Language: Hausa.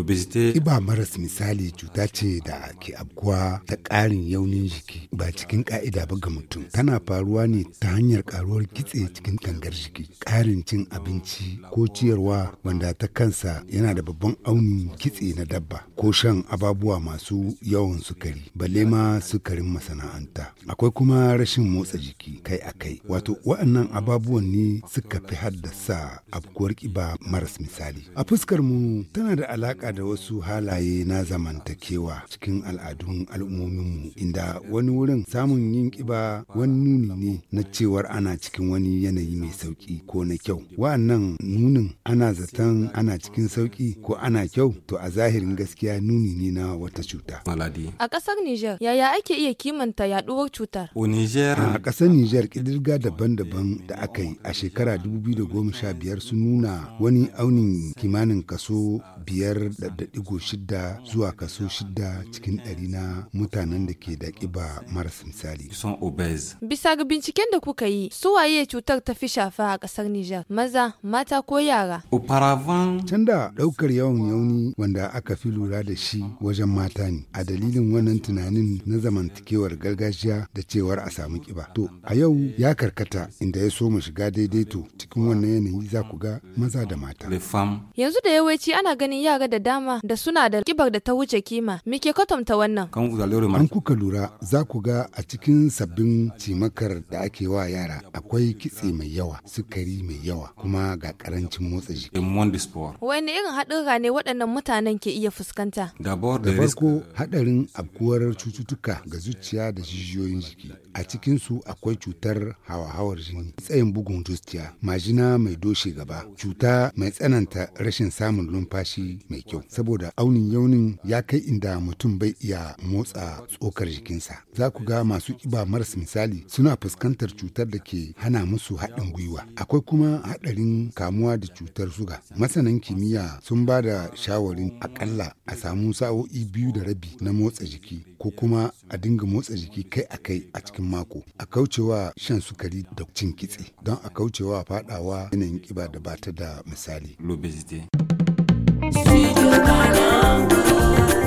iba iba maras misali cuta ce da ke abkuwa ta ƙarin yaunin jiki ba cikin ƙa'ida ba ga mutum. Tana faruwa ne ta hanyar ƙaruwar kitse cikin tangar jiki. Ƙarin cin abinci ko ciyarwa wanda ta kansa yana da babban aunin kitse na dabba ko shan ababuwa masu yawan sukari balle ma sukarin masana'anta. Akwai kuma rashin motsa jiki kai a kai. Wato waɗannan ababuwan ne suka fi haddasa abkuwar kiba maras misali. A fuskar mu tana da alaƙa alaƙa da wasu halaye na zamantakewa cikin al'adun al'ummominmu inda wani wurin samun yin ƙiba wani nuni ne na cewar ana cikin wani yanayi mai sauƙi ko na kyau. Wa'annan nunin ana zaton ana cikin sauƙi ko ana kyau to a zahirin gaskiya nuni ne na wata cuta. A ƙasar niger yaya ake iya kimanta yaɗuwar cutar? A ƙasar niger ƙidirga daban-daban da aka yi a shekara 2015 sun nuna wani aunin kimanin kaso biyar shidda zuwa kaso shidda cikin ɗari na mutanen da ke da ƙiba maras misali. Bisa ga binciken da kuka yi, su waye cutar ta fi shafa a ƙasar Nijar, maza, mata ko yara? Can da ɗaukar yawan yauni wanda aka fi lura da shi wajen mata ne, a dalilin wannan tunanin na zamantakewar gargajiya da cewar a samu ƙiba. To, a yau ya karkata inda ya so mu shiga daidaito cikin wannan yanayi za ku ga maza da mata. Yanzu da yawanci ana ganin yara da da dama da suna da kibar da ta wuce kima. muke ke kwatanta wannan? An kuka lura za ku ga a cikin sabbin cimakar da ake wa yara akwai kitse mai yawa, sukari mai yawa, kuma ga karancin motsa jiki. Wani irin haɗurra ne waɗannan mutanen ke iya fuskanta? Da farko haɗarin abkuwar cututtuka ga zuciya da jijiyoyin jiki. A cikin su akwai cutar hawa-hawar jini, tsayin bugun zuciya, majina mai doshe gaba, cuta mai tsananta rashin samun numfashi mai kyau saboda aunin yaunin ya kai inda mutum bai iya motsa tsokar jikinsa za ku ga masu kiba maras misali suna fuskantar cutar da ke hana musu haɗin gwiwa akwai kuma haɗarin kamuwa da cutar suga masanan kimiyya sun ba da shawarin akalla a samu sa'o'i biyu da rabi na motsa jiki ko kuma a dinga motsa jiki kai a kai a cikin mako a kaucewa shan sukari da cin kitse don a kaucewa faɗawa yanayin kiba da ba ta da misali. L'obésité. Studio Kalangu.